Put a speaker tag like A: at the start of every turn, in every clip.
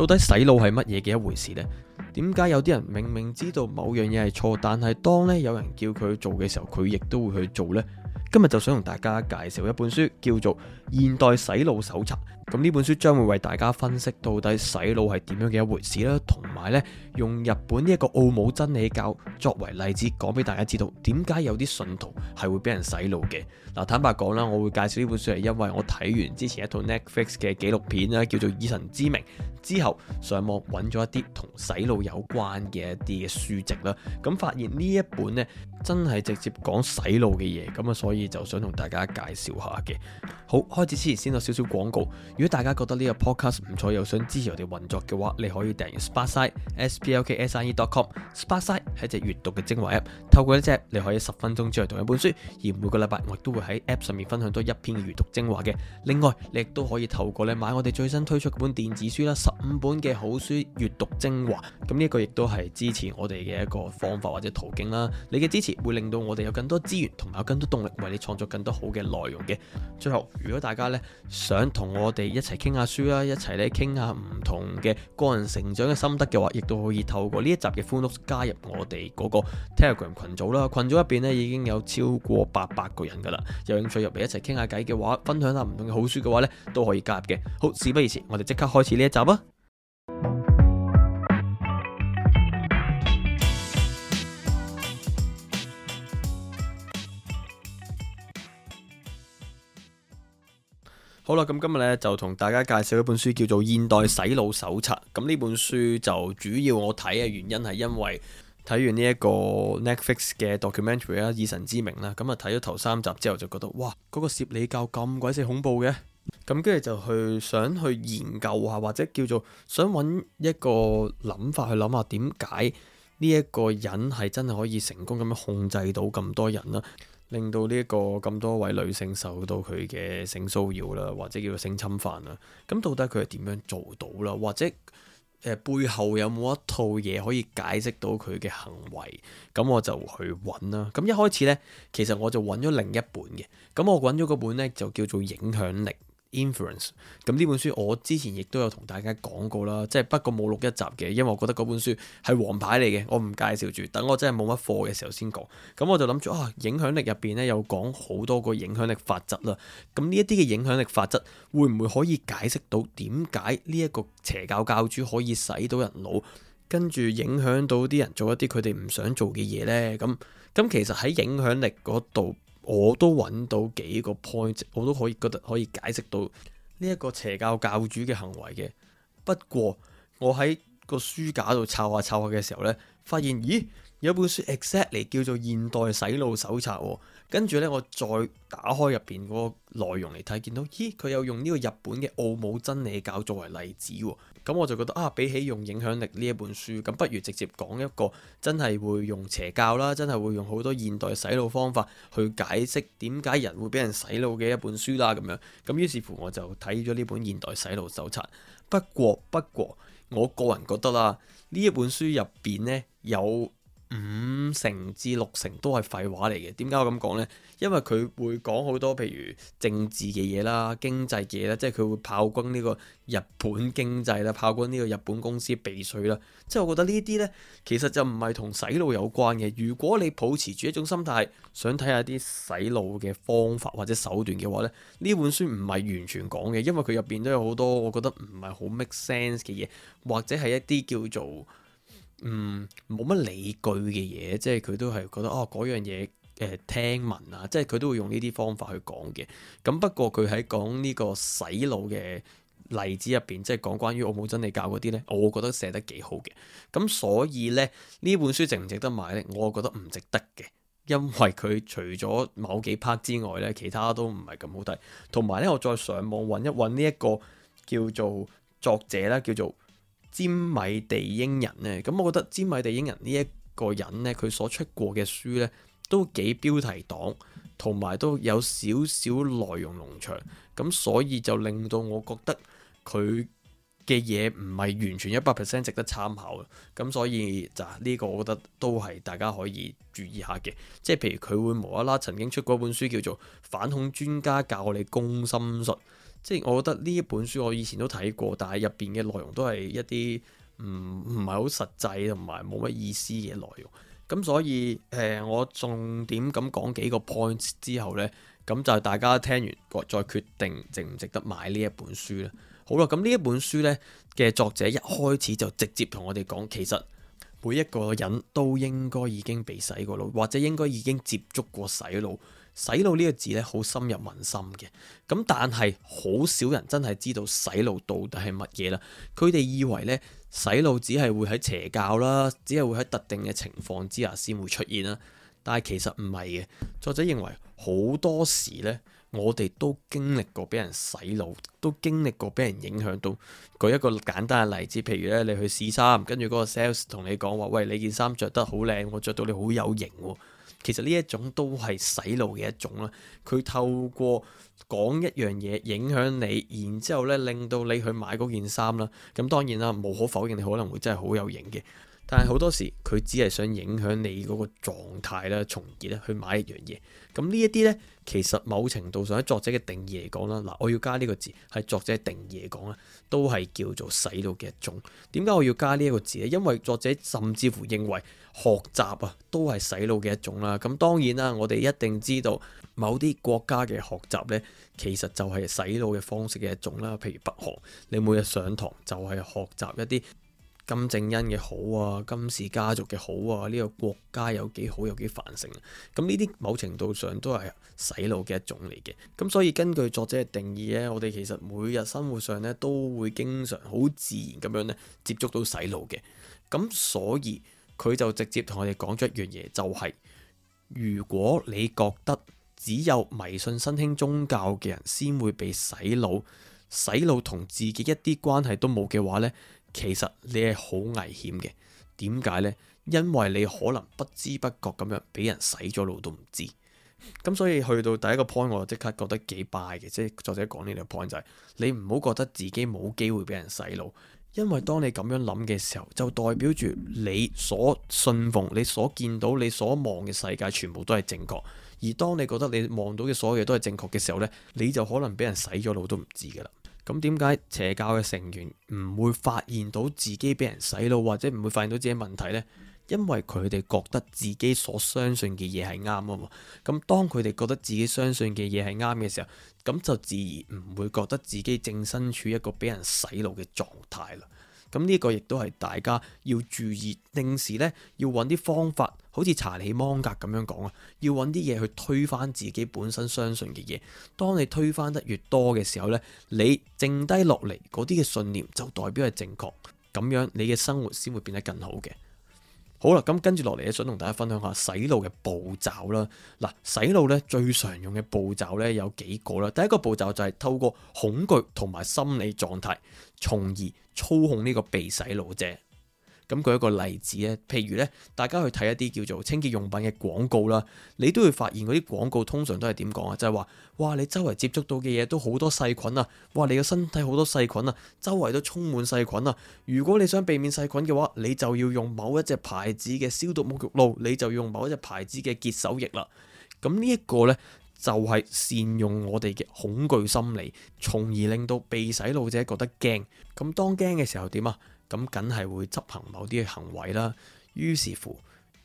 A: 到底洗腦係乜嘢嘅一回事呢？點解有啲人明明知道某樣嘢係錯，但係當咧有人叫佢做嘅時候，佢亦都會去做呢？今日就想同大家介紹一本書，叫做《現代洗腦手冊》。咁呢本書將會為大家分析到底洗腦係點樣嘅一回事啦，同埋呢用日本呢一個奧姆真理教作為例子，講俾大家知道點解有啲信徒係會俾人洗腦嘅。嗱，坦白講啦，我會介紹呢本書係因為我睇完之前一套 Netflix 嘅紀錄片啦，叫做《以神之名》之後，上網揾咗一啲同洗腦有關嘅一啲嘅書籍啦，咁發現呢一本呢，真係直接講洗腦嘅嘢，咁啊所以。就想同大家介紹下嘅，好，開始之前先有少少廣告。如果大家覺得呢個 podcast 唔錯，又想支持我哋運作嘅話，你可以訂閱 Sparksine, s p a r k s i n e dot com。Sparksine 係一隻閱讀嘅精華 app，透過一隻你可以十分鐘之內讀一本書，而每個禮拜我都會喺 app 上面分享多一篇閱讀精華嘅。另外，你亦都可以透過你買我哋最新推出嗰本電子書啦，十五本嘅好書閱讀精華。咁呢個亦都係支持我哋嘅一個方法或者途徑啦，啊。你嘅支持會令到我哋有更多資源同埋有更多動力你創作更多好嘅內容嘅。最後，如果大家呢想同我哋一齊傾下書啦，一齊呢傾下唔同嘅個人成長嘅心得嘅話，亦都可以透過呢一集嘅歡屋加入我哋嗰個 Telegram 群組啦。群組入邊呢已經有超過八百個人噶啦，有興趣入嚟一齊傾下偈嘅話，分享下唔同嘅好書嘅話呢，都可以加入嘅。好，事不宜遲，我哋即刻開始呢一集啊！好啦，咁今日咧就同大家介紹一本書，叫做《現代洗腦手冊》。咁呢本書就主要我睇嘅原因係因為睇完呢一個 Netflix 嘅 documentary 啦，《以神之名》啦，咁啊睇咗頭三集之後就覺得，哇，嗰個攝理教咁鬼死恐怖嘅，咁跟住就去想去研究下，或者叫做想揾一個諗法去諗下點解呢一個人係真係可以成功咁樣控制到咁多人啦。令到呢一個咁多位女性受到佢嘅性騷擾啦，或者叫做性侵犯啊，咁到底佢係點樣做到啦？或者誒背後有冇一套嘢可以解釋到佢嘅行為？咁我就去揾啦。咁一開始呢，其實我就揾咗另一本嘅。咁我揾咗嗰本呢，就叫做《影響力》。Influence，咁呢本書我之前亦都有同大家講過啦，即係不過冇錄一集嘅，因為我覺得嗰本書係皇牌嚟嘅，我唔介紹住，等我真係冇乜課嘅時候先講。咁我就諗住啊，影響力入邊呢，有講好多個影響力法則啦。咁呢一啲嘅影響力法則會唔會可以解釋到點解呢一個邪教教主可以洗到人腦，跟住影響到啲人做一啲佢哋唔想做嘅嘢呢？咁咁其實喺影響力嗰度。我都揾到幾個 point，我都可以覺得可以解釋到呢一個邪教教主嘅行為嘅。不過我喺個書架度摷下摷下嘅時候呢，發現咦，有本書 exactly 叫做《現代洗腦手冊》啊。跟住呢，我再打開入邊嗰個內容嚟睇，見到咦，佢又用呢個日本嘅奧姆真理教作為例子，啊。咁我就覺得啊，比起用影響力呢一本書，咁不如直接講一個真係會用邪教啦，真係會用好多現代洗腦方法去解釋點解人會俾人洗腦嘅一本書啦，咁樣。咁於是乎我就睇咗呢本現代洗腦手冊。不過不過，我個人覺得啦，呢一本書入邊呢有五成至六成都係廢話嚟嘅，點解我咁講呢？因為佢會講好多譬如政治嘅嘢啦、經濟嘅嘢啦，即係佢會炮轟呢個日本經濟啦、炮轟呢個日本公司避稅啦，即係我覺得呢啲呢，其實就唔係同洗腦有關嘅。如果你抱持住一種心態，想睇下啲洗腦嘅方法或者手段嘅話呢，呢本書唔係完全講嘅，因為佢入邊都有好多我覺得唔係好 make sense 嘅嘢，或者係一啲叫做。嗯，冇乜理據嘅嘢，即係佢都係覺得哦嗰樣嘢誒、呃、聽聞啊，即係佢都會用呢啲方法去講嘅。咁不過佢喺講呢個洗腦嘅例子入邊，即係講關於奧姆真理教嗰啲呢，我覺得寫得幾好嘅。咁所以呢，呢本書值唔值得買呢？我覺得唔值得嘅，因為佢除咗某幾 part 之外呢，其他都唔係咁好睇。同埋呢，我再上網揾一揾呢一個叫做作者啦，叫做。苫米地英人呢，咁我覺得苫米地英人呢一個人呢，佢所出過嘅書呢，都幾標題黨，同埋都有少少內容冗長，咁所以就令到我覺得佢嘅嘢唔係完全一百 percent 值得參考，咁所以就呢個我覺得都係大家可以注意下嘅，即係譬如佢會無啦啦曾經出過一本書叫做《反恐專家教你攻心術》。即係我覺得呢一本書我以前都睇過，但係入邊嘅內容都係一啲唔唔係好實際同埋冇乜意思嘅內容。咁所以誒、呃，我重點咁講幾個 point 之後呢，咁就大家聽完再決定值唔值得買呢一本書啦。好啦，咁呢一本書呢嘅作者一開始就直接同我哋講，其實每一個人都應該已經被洗過腦，或者應該已經接觸過洗腦。洗腦呢個字咧，好深入民心嘅。咁但係好少人真係知道洗腦到底係乜嘢啦。佢哋以為呢，洗腦只係會喺邪教啦，只係會喺特定嘅情況之下先會出現啦。但係其實唔係嘅。作者認為好多時呢，我哋都經歷過俾人洗腦，都經歷過俾人影響到。舉一個簡單嘅例子，譬如咧，你去試衫，跟住嗰個 sales 同你講話，喂，你件衫着得好靚，我着到你好有型喎、哦。其實呢一種都係洗腦嘅一種啦，佢透過講一樣嘢影響你，然之後呢令到你去買嗰件衫啦。咁當然啦，無可否認你，你可能會真係好有型嘅。但係好多時佢只係想影響你嗰個狀態啦，從而啦，去買一樣嘢。咁呢一啲呢，其實某程度上喺作者嘅定義嚟講啦，嗱，我要加呢個字係作者定義嚟講啦，都係叫做洗腦嘅一種。點解我要加呢一個字呢？因為作者甚至乎認為學習啊，都係洗腦嘅一種啦。咁當然啦，我哋一定知道某啲國家嘅學習呢，其實就係洗腦嘅方式嘅一種啦。譬如北韓，你每日上堂就係學習一啲。金正恩嘅好啊，金氏家族嘅好啊，呢個國家有幾好，有幾繁盛啊！咁呢啲某程度上都係洗腦嘅一種嚟嘅。咁所以根據作者嘅定義咧，我哋其實每日生活上咧都會經常好自然咁樣咧接觸到洗腦嘅。咁所以佢就直接同我哋講咗一樣嘢，就係如果你覺得只有迷信新興宗教嘅人先會被洗腦，洗腦同自己一啲關係都冇嘅話咧，其實你係好危險嘅，點解呢？因為你可能不知不覺咁樣俾人洗咗腦都唔知，咁所以去到第一個 point 我就即刻覺得幾 bad 嘅，即係作者講呢個 point 就係、是就是、你唔好覺得自己冇機會俾人洗腦，因為當你咁樣諗嘅時候，就代表住你所信奉、你所見到、你所望嘅世界全部都係正確，而當你覺得你望到嘅所有嘢都係正確嘅時候呢，你就可能俾人洗咗腦都唔知噶啦。咁點解邪教嘅成員唔會發現到自己俾人洗腦，或者唔會發現到自己問題呢？因為佢哋覺得自己所相信嘅嘢係啱啊嘛。咁當佢哋覺得自己相信嘅嘢係啱嘅時候，咁就自然唔會覺得自己正身處一個俾人洗腦嘅狀態啦。咁呢個亦都係大家要注意，定時呢要揾啲方法，好似查理芒格咁樣講啊，要揾啲嘢去推翻自己本身相信嘅嘢。當你推翻得越多嘅時候呢，你剩低落嚟嗰啲嘅信念就代表係正確。咁樣你嘅生活先會變得更好嘅。好啦，咁跟住落嚟咧，想同大家分享下洗腦嘅步驟啦。嗱，洗腦呢最常用嘅步驟呢有幾個啦。第一個步驟就係透過恐懼同埋心理狀態。從而操控呢個被洗腦者。咁舉一個例子咧，譬如咧，大家去睇一啲叫做清潔用品嘅廣告啦，你都會發現嗰啲廣告通常都係點講啊？就係話，哇！你周圍接觸到嘅嘢都好多細菌啊，哇！你嘅身體好多細菌啊，周圍都充滿細菌啊。如果你想避免細菌嘅話，你就要用某一隻牌子嘅消毒沐浴露，你就要用某一隻牌子嘅潔手液啦。咁呢一個呢。就係善用我哋嘅恐懼心理，從而令到被洗腦者覺得驚。咁當驚嘅時候點啊？咁梗係會執行某啲嘅行為啦。於是乎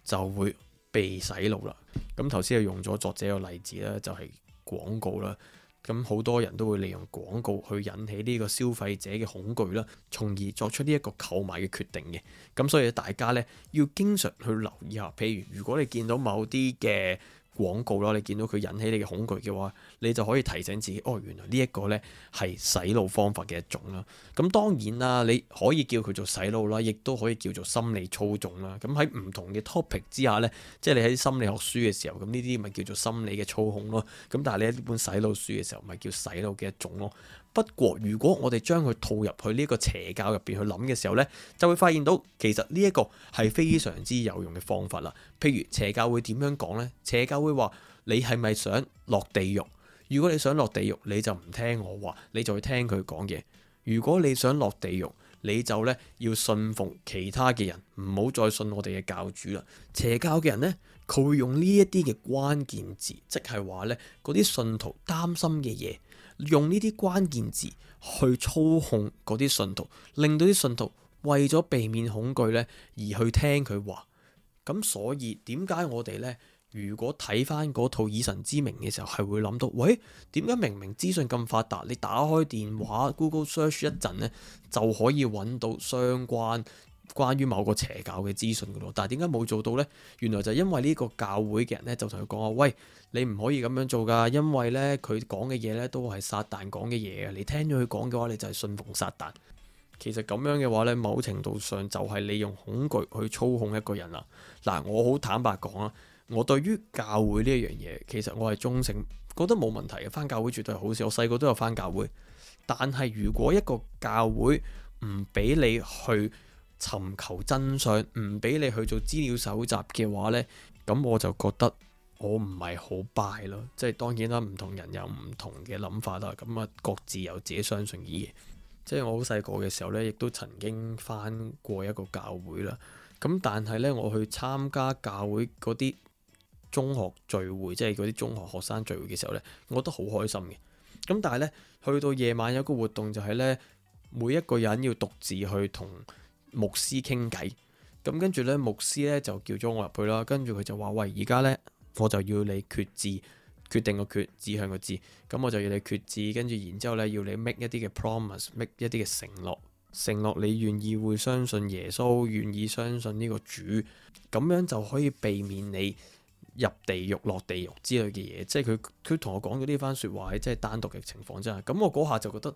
A: 就會被洗腦啦。咁頭先又用咗作者嘅例子啦，就係廣告啦。咁好多人都會利用廣告去引起呢個消費者嘅恐懼啦，從而作出呢一個購買嘅決定嘅。咁所以大家呢，要經常去留意下，譬如如果你見到某啲嘅。廣告咯，你見到佢引起你嘅恐懼嘅話，你就可以提醒自己，哦，原來呢一個呢，係洗腦方法嘅一種啦。咁當然啦，你可以叫佢做洗腦啦，亦都可以叫做心理操縱啦。咁喺唔同嘅 topic 之下呢，即係你喺心理學書嘅時候，咁呢啲咪叫做心理嘅操控咯。咁但係你喺呢本洗腦書嘅時候，咪叫洗腦嘅一種咯。不過，如果我哋將佢套入去呢一個邪教入邊去諗嘅時候呢，就會發現到其實呢一個係非常之有用嘅方法啦。譬如邪教會點樣講呢？邪教會話你係咪想落地獄？如果你想落地獄，你就唔聽我話，你就會聽佢講嘢。如果你想落地獄，你就呢，要信奉其他嘅人，唔好再信我哋嘅教主啦。邪教嘅人呢，佢會用呢一啲嘅關鍵字，即係話呢嗰啲信徒擔心嘅嘢。用呢啲關鍵字去操控嗰啲信徒，令到啲信徒為咗避免恐懼呢而去聽佢話。咁所以點解我哋呢？如果睇翻嗰套以神之名嘅時候，係會諗到，喂，點解明明資訊咁發達，你打開電話 Google search 一陣呢，就可以揾到相關關於某個邪教嘅資訊噶，但係點解冇做到呢？原來就因為呢個教會嘅人呢，就同佢講啊，喂，你唔可以咁樣做噶，因為呢，佢講嘅嘢呢都係撒旦講嘅嘢啊！你聽咗佢講嘅話，你就係信奉撒旦。其實咁樣嘅話呢，某程度上就係利用恐懼去操控一個人啦。嗱，我好坦白講啊，我對於教會呢一樣嘢，其實我係中性，覺得冇問題嘅。翻教會絕對係好事，我細個都有翻教會。但係如果一個教會唔俾你去，尋求真相唔俾你去做資料搜集嘅話呢，咁我就覺得我唔係好 buy 咯。即係當然啦，唔同人有唔同嘅諗法啦。咁啊，各自有自己相信嘅嘢。即係我好細個嘅時候呢，亦都曾經翻過一個教會啦。咁但係呢，我去參加教會嗰啲中學聚會，即係嗰啲中學學生聚會嘅時候呢，我覺得好開心嘅。咁但係呢，去到夜晚有個活動就係呢，每一個人要獨自去同牧師傾偈，咁跟住呢，牧師呢就叫咗我入去啦，跟住佢就話：喂，而家呢，我就要你決志，決定個決，志向個志，咁我就要你決志，跟住然之後呢，要你 make 一啲嘅 promise，make 一啲嘅承諾，承諾你願意會相信耶穌，願意相信呢個主，咁樣就可以避免你入地獄、落地獄之類嘅嘢。即係佢佢同我講咗呢番説話，即係單獨嘅情況啫。咁我嗰下就覺得。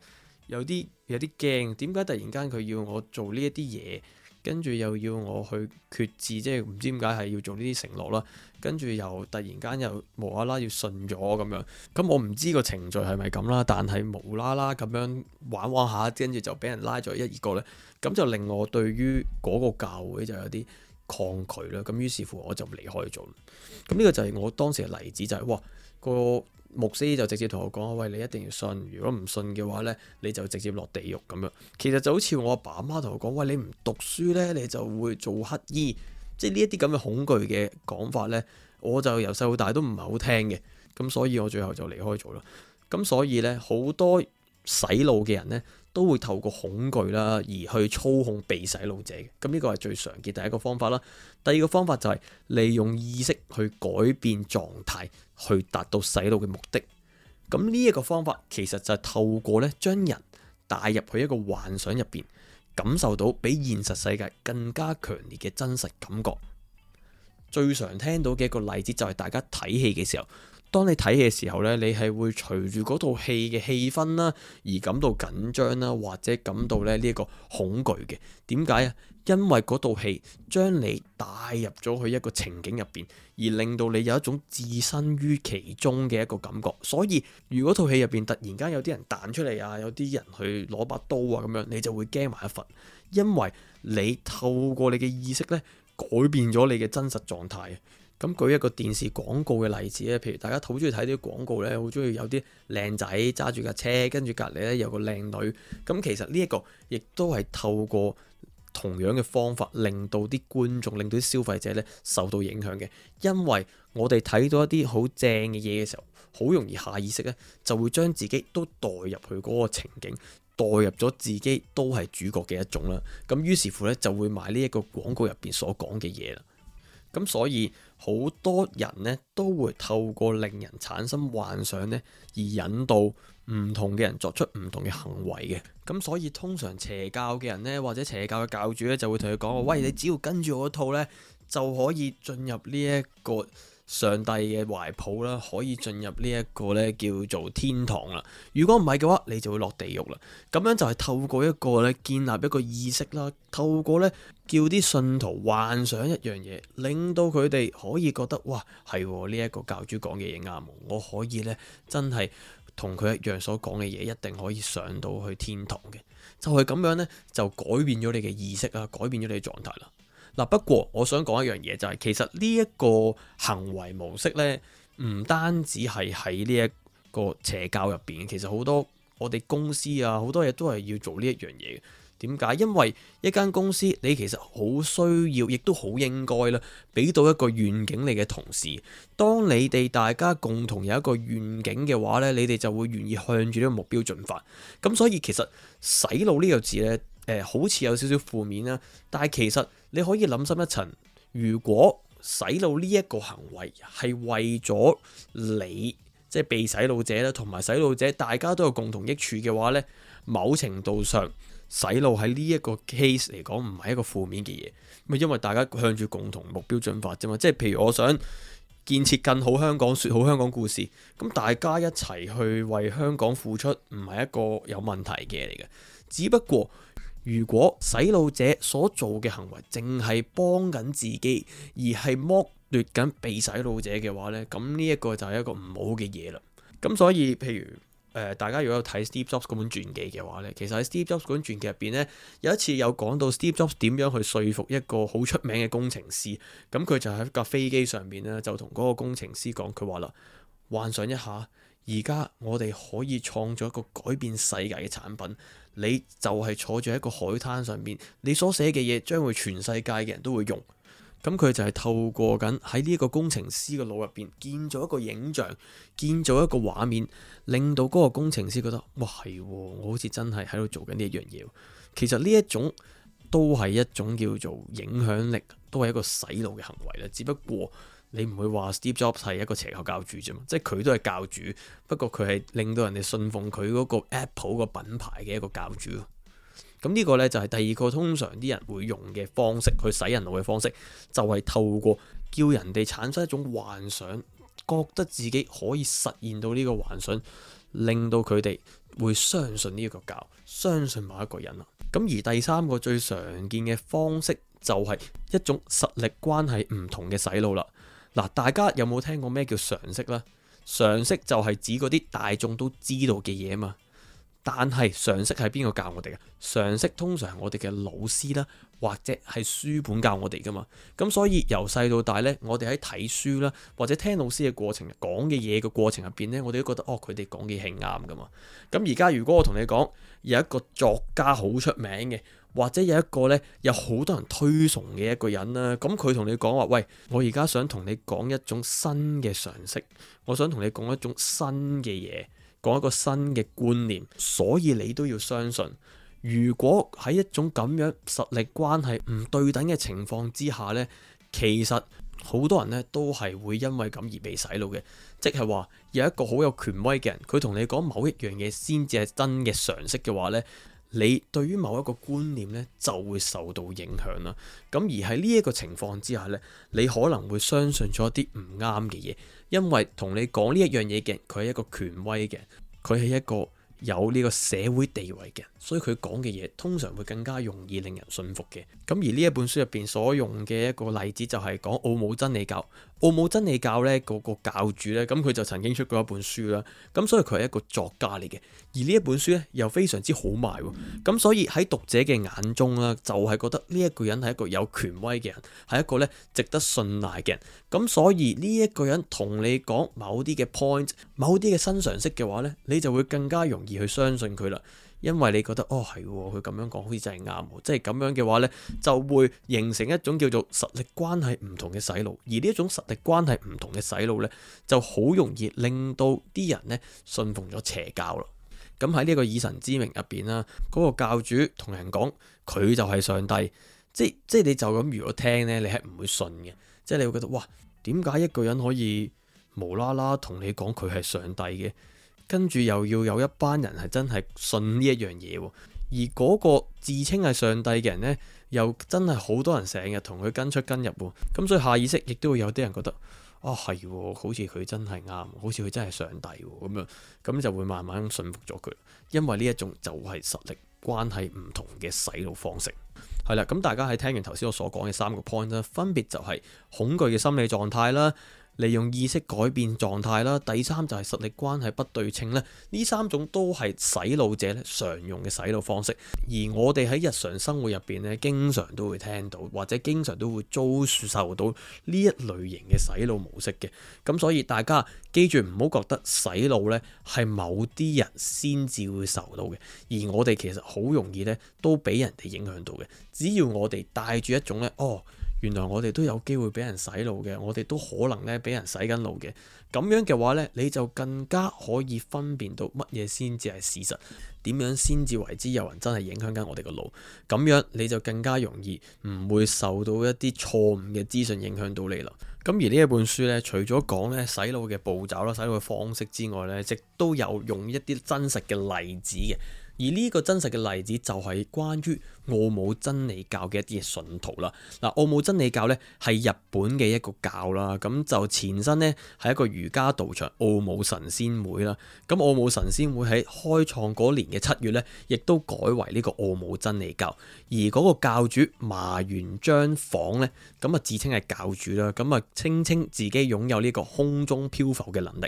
A: 有啲有啲驚，點解突然間佢要我做呢一啲嘢，跟住又要我去決志，即係唔知點解係要做呢啲承諾啦，跟住又突然間又無啦啦要信咗咁樣，咁我唔知個程序係咪咁啦，但係無啦啦咁樣玩玩下，跟住就俾人拉咗一、二個咧，咁就令我對於嗰個教會就有啲抗拒啦。咁於是乎我就離開咗。咁、這、呢個就係我當時嘅例子，就係、是、哇個。牧師就直接同我講：喂，你一定要信，如果唔信嘅話呢，你就直接落地獄咁樣。其實就好似我阿爸阿媽同我講：喂，你唔讀書呢，你就會做乞衣。即係呢一啲咁嘅恐懼嘅講法呢，我就由細到大都唔係好聽嘅。咁所以，我最後就離開咗啦。咁所以呢，好多洗腦嘅人呢。都會透過恐懼啦，而去操控被洗腦者嘅。咁呢個係最常見第一個方法啦。第二個方法就係利用意識去改變狀態，去達到洗腦嘅目的。咁呢一個方法其實就係透過咧將人帶入去一個幻想入邊，感受到比現實世界更加強烈嘅真實感覺。最常聽到嘅一個例子就係大家睇戲嘅時候。當你睇嘅時候呢，你係會隨住嗰套戲嘅氣氛啦，而感到緊張啦，或者感到咧呢一個恐懼嘅。點解啊？因為嗰套戲將你帶入咗去一個情景入邊，而令到你有一種置身於其中嘅一個感覺。所以如果套戲入邊突然間有啲人彈出嚟啊，有啲人去攞把刀啊咁樣，你就會驚埋一份，因為你透過你嘅意識呢，改變咗你嘅真實狀態。咁舉一個電視廣告嘅例子咧，譬如大家好中意睇啲廣告咧，好中意有啲靚仔揸住架車，跟住隔籬咧有個靚女。咁其實呢一個亦都係透過同樣嘅方法，令到啲觀眾，令到啲消費者咧受到影響嘅。因為我哋睇到一啲好正嘅嘢嘅時候，好容易下意識咧就會將自己都代入去嗰個情景，代入咗自己都係主角嘅一種啦。咁於是乎咧就會買呢一個廣告入邊所講嘅嘢啦。咁所以好多人呢都會透過令人產生幻想呢，而引導唔同嘅人作出唔同嘅行為嘅。咁所以通常邪教嘅人呢，或者邪教嘅教主呢，就會同佢講：喂，你只要跟住我套呢，就可以進入呢一個上帝嘅懷抱啦，可以進入呢一個咧叫做天堂啦。如果唔係嘅話，你就會落地獄啦。咁樣就係透過一個咧建立一個意識啦，透過咧叫啲信徒幻想一樣嘢，令到佢哋可以覺得哇，係呢一個教主講嘅嘢啱，我可以咧真係同佢一樣所講嘅嘢，一定可以上到去天堂嘅。就係咁樣咧，就改變咗你嘅意識啊，改變咗你嘅狀態啦。不過我想講一樣嘢，就係其實呢一個行為模式呢，唔單止係喺呢一個邪教入邊，其實好多我哋公司啊，好多嘢都係要做呢一樣嘢嘅。點解？因為一間公司你其實好需要，亦都好應該啦，俾到一個願景你嘅同事。當你哋大家共同有一個願景嘅話呢，你哋就會願意向住呢個目標進發。咁所以其實洗腦呢個字呢。誒、呃、好似有少少負面啦、啊，但係其實你可以諗深一層。如果洗腦呢一個行為係為咗你，即係被洗腦者咧，同埋洗腦者，大家都有共同益處嘅話呢，某程度上洗腦喺呢一個 case 嚟講唔係一個負面嘅嘢，咪因為大家向住共同目標進發啫嘛。即係譬如我想建設更好香港，說好香港故事，咁大家一齊去為香港付出，唔係一個有問題嘅嘢嚟嘅，只不過。如果洗腦者所做嘅行為淨係幫緊自己，而係剝奪緊被洗腦者嘅話呢，咁呢一個就係一個唔好嘅嘢啦。咁所以，譬如，呃，大家如果有睇 Steve Jobs 嗰本傳記嘅話呢，其實喺 Steve Jobs 嗰本傳記入邊呢，有一次有講到 Steve Jobs 點樣去說服一個好出名嘅工程師，咁佢就喺架飛機上面呢，就同嗰個工程師講，佢話啦：幻想一下，而家我哋可以創造一個改變世界嘅產品。你就係坐住喺一個海灘上面，你所寫嘅嘢將會全世界嘅人都會用。咁佢就係透過緊喺呢一個工程師嘅腦入邊建造一個影像，建造一個畫面，令到嗰個工程師覺得哇係、哦，我好似真係喺度做緊呢一樣嘢。其實呢一種都係一種叫做影響力，都係一個洗腦嘅行為喇。只不過，你唔會話 Steve Jobs 係一個邪教教主啫嘛？即係佢都係教主，不過佢係令到人哋信奉佢嗰個 Apple 個品牌嘅一個教主。咁呢個呢，就係第二個通常啲人會用嘅方式去洗人腦嘅方式，就係透過叫人哋產生一種幻想，覺得自己可以實現到呢個幻想，令到佢哋會相信呢一個教，相信某一個人啦。咁而第三個最常見嘅方式就係一種實力關係唔同嘅洗腦啦。嗱，大家有冇聽過咩叫常識呢？常識就係指嗰啲大眾都知道嘅嘢嘛。但係常識係邊個教我哋嘅？常識通常係我哋嘅老師啦，或者係書本教我哋噶嘛。咁所以由細到大呢，我哋喺睇書啦，或者聽老師嘅過程講嘅嘢嘅過程入邊呢，我哋都覺得哦，佢哋講嘅係啱噶嘛。咁而家如果我同你講有一個作家好出名嘅。或者有一個呢，有好多人推崇嘅一個人啦，咁佢同你講話，喂，我而家想同你講一種新嘅常識，我想同你講一種新嘅嘢，講一個新嘅觀念，所以你都要相信。如果喺一種咁樣實力關係唔對等嘅情況之下呢，其實好多人呢都係會因為咁而被洗腦嘅，即係話有一個好有權威嘅人，佢同你講某一樣嘢先至係真嘅常識嘅話呢。你對於某一個觀念咧就會受到影響啦。咁而喺呢一個情況之下咧，你可能會相信咗一啲唔啱嘅嘢，因為同你講呢一樣嘢嘅佢係一個權威嘅，佢係一個有呢個社會地位嘅，所以佢講嘅嘢通常會更加容易令人信服嘅。咁而呢一本書入邊所用嘅一個例子就係講奧姆真理教。澳姆真理教咧嗰個教主咧，咁佢就曾經出過一本書啦，咁所以佢係一個作家嚟嘅，而呢一本書咧又非常之好賣，咁所以喺讀者嘅眼中啦，就係覺得呢一個人係一個有權威嘅人，係一個咧值得信賴嘅人，咁所以呢一個人同你講某啲嘅 point、某啲嘅新常識嘅話咧，你就會更加容易去相信佢啦。因為你覺得哦，係佢咁樣講好似真係啱，即係咁樣嘅話呢，就會形成一種叫做實力關係唔同嘅洗腦，而呢一種實力關係唔同嘅洗腦呢，就好容易令到啲人呢信奉咗邪教咯。咁喺呢一個以神之名入邊啦，嗰個教主同人講佢就係上帝，即即係你就咁如果聽呢，你係唔會信嘅，即係你會覺得哇，點解一個人可以無啦啦同你講佢係上帝嘅？跟住又要有一班人係真係信呢一樣嘢喎，而嗰個自稱係上帝嘅人呢，又真係好多人成日同佢跟出跟入喎，咁、啊、所以下意識亦都會有啲人覺得，啊係喎，好似佢真係啱，好似佢真係上帝咁樣，咁就會慢慢信服咗佢，因為呢一種就係實力關係唔同嘅洗腦方式，係啦，咁大家喺聽完頭先我所講嘅三個 point 啦，分別就係恐懼嘅心理狀態啦。利用意識改變狀態啦，第三就係實力關係不對稱咧，呢三種都係洗腦者咧常用嘅洗腦方式。而我哋喺日常生活入邊咧，經常都會聽到或者經常都會遭受到呢一類型嘅洗腦模式嘅。咁所以大家記住唔好覺得洗腦呢係某啲人先至會受到嘅，而我哋其實好容易呢都俾人哋影響到嘅。只要我哋帶住一種呢。哦。原來我哋都有機會俾人洗腦嘅，我哋都可能咧俾人洗緊腦嘅。咁樣嘅話呢，你就更加可以分辨到乜嘢先至係事實，點樣先至為之有人真係影響緊我哋個腦。咁樣你就更加容易唔會受到一啲錯誤嘅資訊影響到你啦。咁而呢一本書呢，除咗講咧洗腦嘅步驟啦、洗腦嘅方式之外呢，亦都有用一啲真實嘅例子嘅。而呢個真實嘅例子就係關於奧姆真理教嘅一啲信徒啦，嗱，奧姆真理教咧係日本嘅一個教啦，咁就前身咧係一個瑜伽道場奧姆神仙會啦，咁奧姆神仙會喺開創嗰年嘅七月咧，亦都改為呢個奧姆真理教，而嗰個教主麻原彰晃咧，咁啊自稱係教主啦，咁啊聲稱自己擁有呢個空中漂浮嘅能力，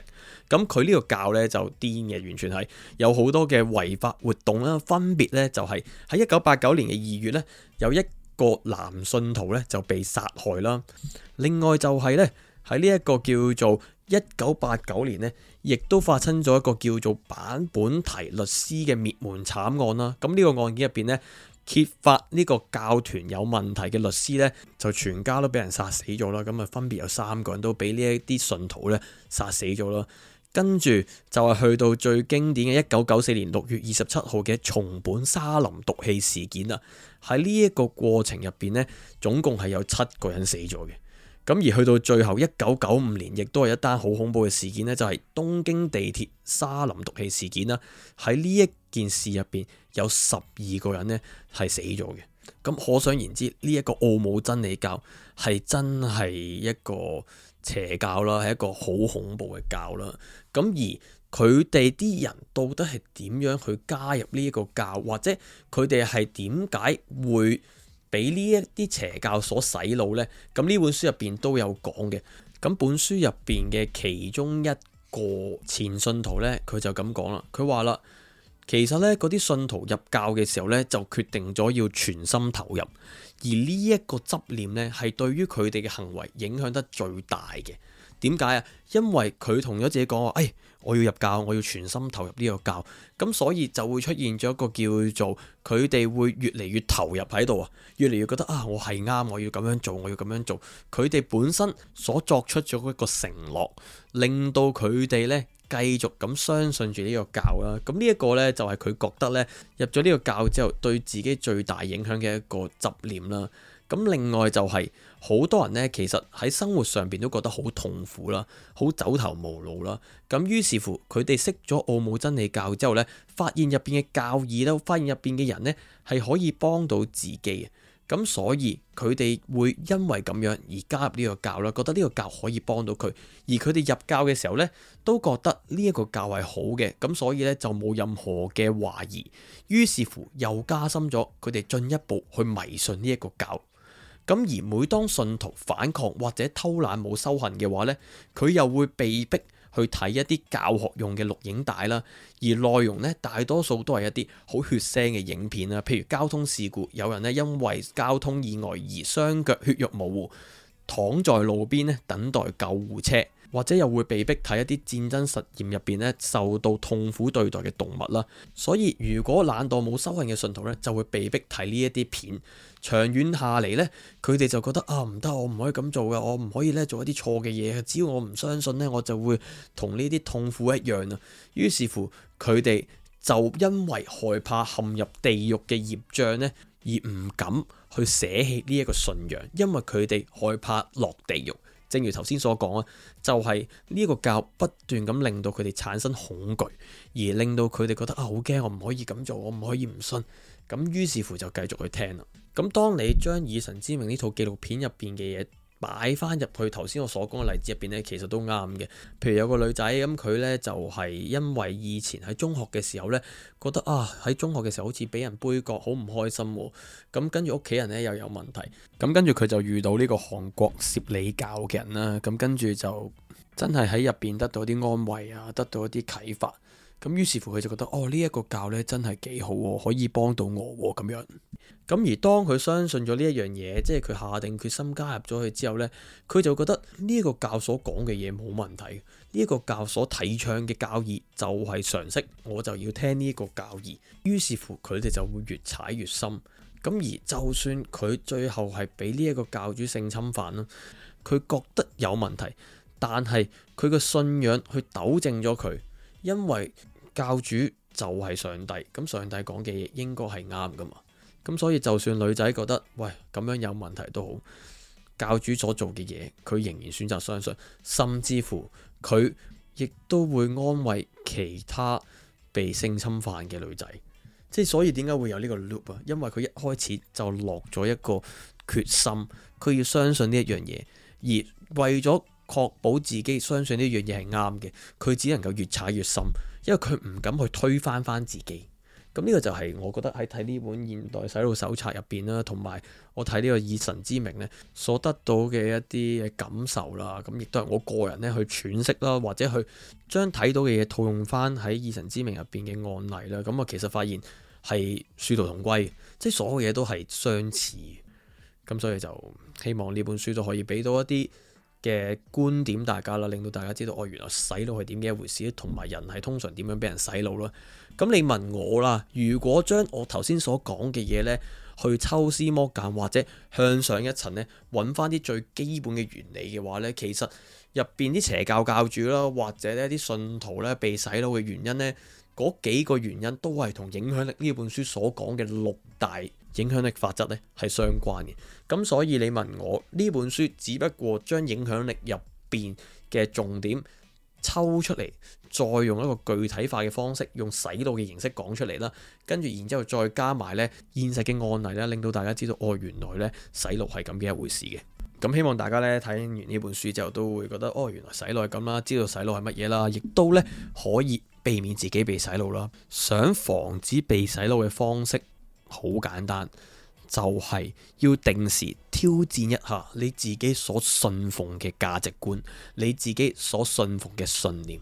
A: 咁佢呢個教咧就癲嘅，完全係有好多嘅違法活動啦，分別咧就係喺一九八九年。二月咧，有一個男信徒咧就被殺害啦。另外就係、是、咧，喺呢一個叫做一九八九年呢，亦都發生咗一個叫做坂本堤律師嘅滅門慘案啦。咁呢個案件入邊呢，揭發呢個教團有問題嘅律師呢，就全家都俾人殺死咗啦。咁啊，分別有三個人都俾呢一啲信徒咧殺死咗咯。跟住就係去到最經典嘅一九九四年六月二十七號嘅松本沙林毒氣事件啦，喺呢一個過程入邊呢，總共係有七個人死咗嘅。咁而去到最後一九九五年，亦都係一單好恐怖嘅事件呢，就係東京地鐵沙林毒氣事件啦。喺呢一件事入邊，有十二個人呢係死咗嘅。咁可想而知，呢一個奧姆真理教係真係一個。邪教啦，係一個好恐怖嘅教啦。咁而佢哋啲人到底係點樣去加入呢一個教？或者佢哋係點解會俾呢一啲邪教所洗腦呢？咁呢本書入邊都有講嘅。咁本書入邊嘅其中一個前信徒呢，佢就咁講啦。佢話啦：其實呢嗰啲信徒入教嘅時候呢，就決定咗要全心投入。而呢一個執念呢，係對於佢哋嘅行為影響得最大嘅。點解啊？因為佢同咗自己講話，誒、哎，我要入教，我要全心投入呢個教，咁所以就會出現咗一個叫做佢哋會越嚟越投入喺度啊，越嚟越覺得啊，我係啱，我要咁樣做，我要咁樣做。佢哋本身所作出咗一個承諾，令到佢哋呢，繼續咁相信住呢個教啦，咁呢一個呢，就係佢覺得呢入咗呢個教之後，對自己最大影響嘅一個執念啦。咁另外就係，好多人呢，其實喺生活上邊都覺得好痛苦啦，好走投無路啦。咁於是乎佢哋識咗奧姆真理教之後呢，發現入邊嘅教義啦，發現入邊嘅人呢，係可以幫到自己。咁所以佢哋會因為咁樣而加入呢個教啦，覺得呢個教可以幫到佢。而佢哋入教嘅時候呢，都覺得呢一個教係好嘅，咁所以呢就冇任何嘅懷疑。於是乎又加深咗佢哋進一步去迷信呢一個教。咁而每當信徒反抗或者偷懶冇修行嘅話呢，佢又會被逼去睇一啲教學用嘅錄影帶啦，而內容呢，大多數都係一啲好血腥嘅影片啊。譬如交通事故，有人呢因為交通意外而雙腳血肉模糊，躺在路邊呢等待救護車，或者又會被逼睇一啲戰爭實驗入邊呢受到痛苦對待嘅動物啦，所以如果懶惰冇修行嘅信徒呢，就會被逼睇呢一啲片。長遠下嚟呢，佢哋就覺得啊，唔得，我唔可以咁做嘅，我唔可以咧做一啲錯嘅嘢。只要我唔相信呢，我就會同呢啲痛苦一樣啦。於是乎，佢哋就因為害怕陷入地獄嘅業障呢，而唔敢去捨棄呢一個信仰，因為佢哋害怕落地獄。正如頭先所講啊，就係呢個教不斷咁令到佢哋產生恐懼，而令到佢哋覺得啊，好驚，我唔可以咁做，我唔可以唔信。咁於是乎就繼續去聽啦。咁當你將《以神之名》呢套紀錄片入邊嘅嘢擺翻入去頭先我所講嘅例子入邊呢，其實都啱嘅。譬如有個女仔咁，佢呢就係因為以前喺中學嘅時候呢，覺得啊喺中學嘅時候好似俾人杯葛，好唔開心。咁跟住屋企人呢又有問題。咁跟住佢就遇到呢個韓國攝理教嘅人啦。咁跟住就真係喺入邊得到啲安慰啊，得到一啲啟發。咁於是乎佢就覺得哦，呢一個教咧真係幾好喎，可以幫到我喎咁樣。咁而當佢相信咗呢一樣嘢，即係佢下定決心加入咗佢之後呢，佢就覺得呢一個教所講嘅嘢冇問題，呢一個教所提倡嘅教義就係常識，我就要聽呢一個教義。於是乎佢哋就會越踩越深。咁而就算佢最後係俾呢一個教主性侵犯啦，佢覺得有問題，但係佢個信仰去糾正咗佢，因為。教主就係上帝，咁上帝講嘅嘢應該係啱噶嘛？咁所以就算女仔覺得喂，咁樣有問題都好，教主所做嘅嘢，佢仍然選擇相信，甚至乎佢亦都會安慰其他被性侵犯嘅女仔。即係所以點解會有呢個 loop 啊？因為佢一開始就落咗一個決心，佢要相信呢一樣嘢，而為咗確保自己相信呢樣嘢係啱嘅，佢只能夠越踩越深。因為佢唔敢去推翻翻自己，咁呢個就係我覺得喺睇呢本現代洗腦手冊入邊啦，同埋我睇呢個以神之名呢所得到嘅一啲嘅感受啦，咁亦都係我個人呢去揣釋啦，或者去將睇到嘅嘢套用翻喺以神之名入邊嘅案例啦，咁啊其實發現係殊途同歸，即係所有嘢都係相似，咁所以就希望呢本書都可以俾到一啲嘅觀點，大家啦，令到大家知道我原來洗腦係點嘅一回事，同埋人係通常點樣俾人洗腦啦。咁你問我啦，如果將我頭先所講嘅嘢呢，去抽絲剝繭或者向上一層呢，揾翻啲最基本嘅原理嘅話呢，其實入邊啲邪教教主啦，或者呢啲信徒呢，被洗腦嘅原因呢，嗰幾個原因都係同《影響力》呢本書所講嘅六大。影響力法則咧係相關嘅，咁所以你問我呢本書，只不過將影響力入邊嘅重點抽出嚟，再用一個具體化嘅方式，用洗腦嘅形式講出嚟啦。跟住然之後再加埋呢現實嘅案例啦，令到大家知道哦，原來呢洗腦係咁嘅一回事嘅。咁希望大家呢睇完呢本書之後都會覺得哦，原來洗腦係咁啦，知道洗腦係乜嘢啦，亦都呢可以避免自己被洗腦啦。想防止被洗腦嘅方式。好簡單，就係、是，要定時挑戰一下你自己所信奉嘅價值觀，你自己所信奉嘅信念，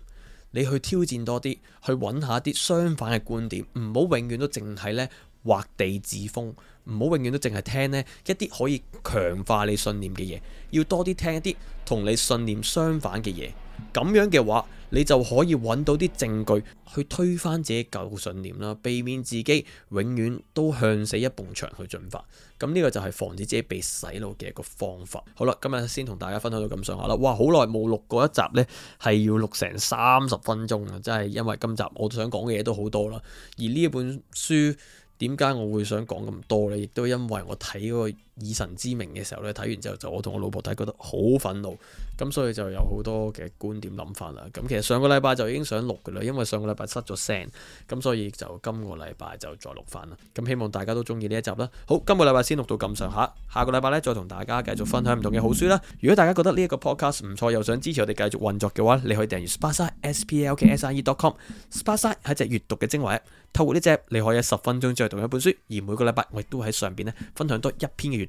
A: 你去挑戰多啲，去揾下啲相反嘅觀點，唔好永遠都淨係呢畫地自封，唔好永遠都淨係聽呢一啲可以強化你信念嘅嘢，要多啲聽一啲同你信念相反嘅嘢。咁樣嘅話，你就可以揾到啲證據去推翻自己舊信念啦，避免自己永遠都向死一埲牆去進發。咁呢個就係防止自己被洗腦嘅一個方法。好啦，今日先同大家分享到咁上下啦。哇，好耐冇錄過一集呢，係要錄成三十分鐘啊！真係因為今集我想講嘅嘢都好多啦。而呢一本書點解我會想講咁多呢？亦都因為我睇嗰個。以神之名嘅時候咧，睇完之後就我同我老婆睇，覺得好憤怒，咁所以就有好多嘅觀點諗法啦。咁其實上個禮拜就已經想錄嘅啦，因為上個禮拜失咗聲，咁所以就今個禮拜就再錄翻啦。咁希望大家都中意呢一集啦。好，今個禮拜先錄到咁上下，下個禮拜咧再同大家繼續分享唔同嘅好書啦。如果大家覺得呢一個 podcast 唔錯，又想支持我哋繼續運作嘅話，你可以訂閱 Sparksine，sparksine.com，Sparksine 係隻閱讀嘅精華，透過呢隻你可以喺十分鐘就讀一本書，而每個禮拜我亦都喺上邊咧分享多一篇嘅讀。